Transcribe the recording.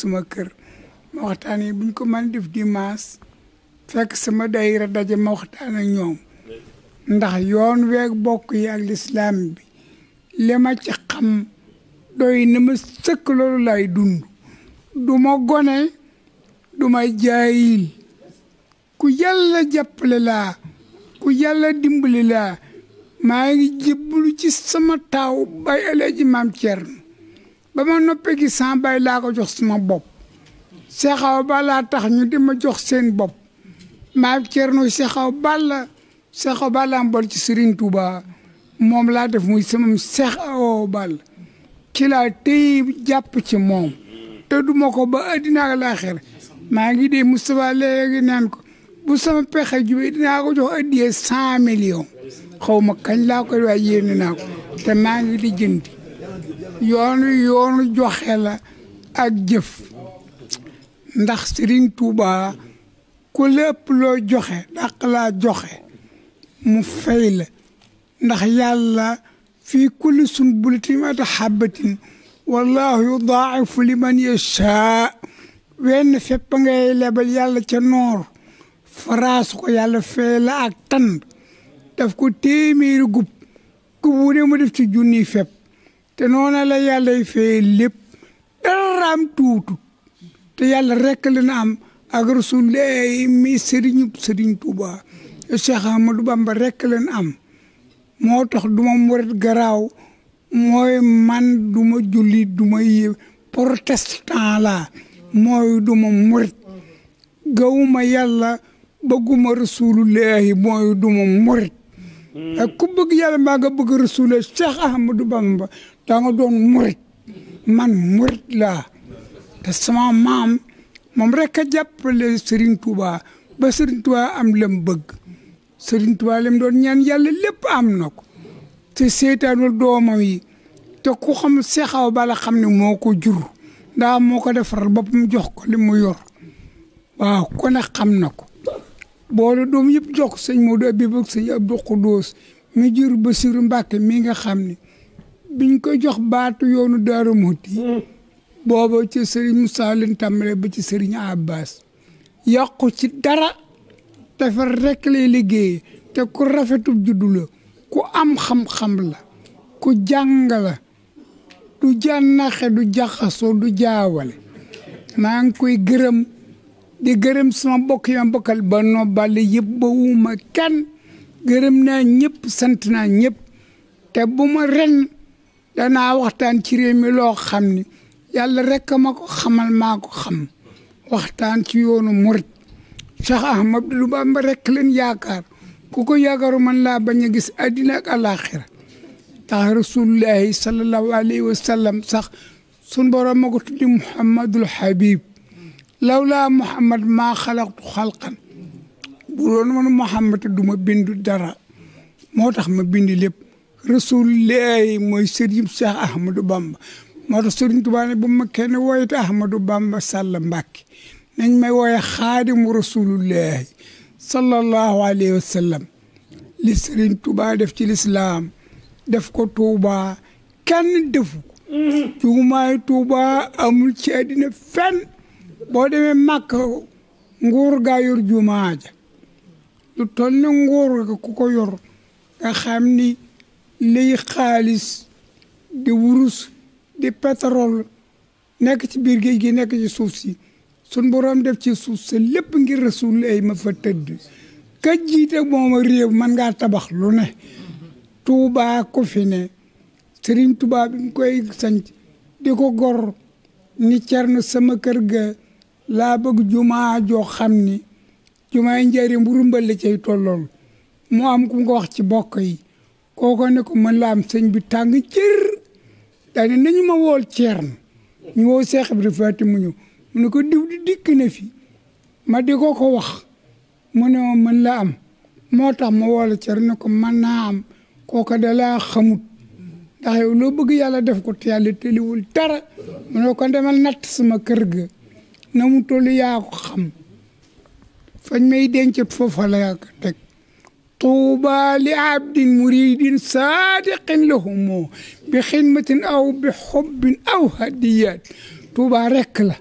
suma kër ma waxtaan yi buñ ko mën def dimanche fekk sama dayira daje ma waxtaan ak ñoom ndax yoon weeg bokk yi ak lislaam bi li ma ci xam doy na ma sëkk lay dund du ma gone du ma jaayil ku yàlla jàppale laa ku yàlla dimbali la maa ngi jébbalu ci sama taaw bay Alaaji Maam Cerno ba ma noppee gi sama baay laa ko jox sama bopp Cheikh Balla tax ñu di ma jox seen bopp maa Cerno Cheikh Awa Balla Cheikh Balla am ci Serigne Touba moom laa def muy sama Cheikh Awa Balla ci tey jàpp ci moom te duma ko ba addina ak laaxir maa ngi dee Moustapha léegi naan ko bu sama pexe jubee dinaa ko jox addiyee cent millions kañ laa koy waaye yéene naa ko te maa ngi di jëndi yoon wi joxe la ak jëf ndax Sëriñ Tuuba ku lépp loo joxe dàq laa joxe mu fay la ndax yàlla fi kulli sunbulatin mi'ata habatin wallahu yudaa'ifu liman yashaa wenn fépp ngay lebal yàlla ca noor faraas ko yàlla fay la ak tan daf ko téeméeri gub gub wu ne mu def ci junniy fépp te noona la yàlla y fee lépp dara am tuutut te yàlla rek la na am ak rasul mi sëriñu sëriñ Tuuba Cheikh du Bamba rek am moo tax duma murit garaaw mooy man du ma jullit du ma yé mooy du murit gawuma yàlla bëgguma rasulullahi mooy du murit ku bëgg yàlla maa nga bëgg rasuula Cheikh Ahmadou Bamba daa nga doon murit man murit laa te sama maam moom rek a jàppale Serigne Touba ba Serigne Touba am lam bëgg Serigne Touba lam doon ñaan yàlla lépp am na ko te seetaanul doomam yi te ku xam Cheikh Awa Balla xam ne moo ko jur ndaa moo ko bopp mu jox ko li mu yor waaw ko nag xam na ko boole doom yëpp jox sëñ Modou Habib ak sëñ Abdou Khoudous mi jur Bassirou Mbacke mi nga xam ni biñ koy jox baatu yoonu Darou Mouhty booba ci sëriñ Moussa leen tàmbalee ba ci sëriñ Abbas yàqu ci dara defar rek lay liggéey te ku rafetub juddu la ku am xam-xam la ku jàng la du jànnaxe du jaxasoo du jaawale maa ngi koy gërëm di gërëm sama mbokk yi ma bokkal ba noo bàlle yëpp ba wuma gërëm naa ñëpp sant naa ñëpp te bu ma ren danaa waxtaan ci réew mi loo xam ni yàlla rek ma ko xamal maa ko xam waxtaan ci yoonu murit Cheikh Ahmadou Bamba rek leen yaakaar ku ko yaakaaru man laa bañ a gis addina ak alaxira tax rasulullahi sallallahu alayhi wa sax sun borom ma ko tuddi Muhammadul Habib lawlaa muhammad ma xalaqtu xalqan bu doon muhammad du ma bindu dara moo tax ma bindi lépp rasulillahi mooy sëriñ Cheikh Ahmadou Bamba moo tax sëriñ Tuubaa ne bu ma kenn wooyte Ahmadou Bamba Sàll Mbàkke nañ may wooye xaadimu rasulillahi sallallahu alayhi wa li sëriñ Tuubaa def ci lislaam def ko Tuubaa kenn defu ko mm-hmm. jumaay amul ci àddina boo demee màkk nguur gaa yor jumaa ja lu toll ne nguur ga ku ko yor nga xam ni liy xaalis di wurus di pétrole nekk ci biir géej gi nekk ci suuf si sun borom def ci suuf sa lépp ngir rasul ay ma fa tëdd ka jiite mooma réew man ngaa tabax lu ne tuubaa ko fi ne sëriñ tuubaa bi mu koy sanc di ko gor ni cerno sama kër ga laa bëgg jumaa joo xam ni jumaay njëriñ bu rumbal la cay tollool mu am ku ko wax ci bokk yi kooko ne ko mën la am sëñ bi tàng jër daane nañu ma wool ceern ñu woo Seex Ibra Faati mu ñëw ko diw di dikk na fi ma di ko ko wax mu ne mën la am moo tax ma woola ceern ne ko man naa am kooko dalaa xamut ndax yow loo bëgg yàlla def ko te yàlla tëliwul dara mu ko demal natt sama kër ga na mu toll yaa xam fañ may dencet foofa la yaa ko teg tuuba li abdin muridin saadiqin lahumoo bi xidmatin aw bi xobbin aw hadiyaat tuuba rekk la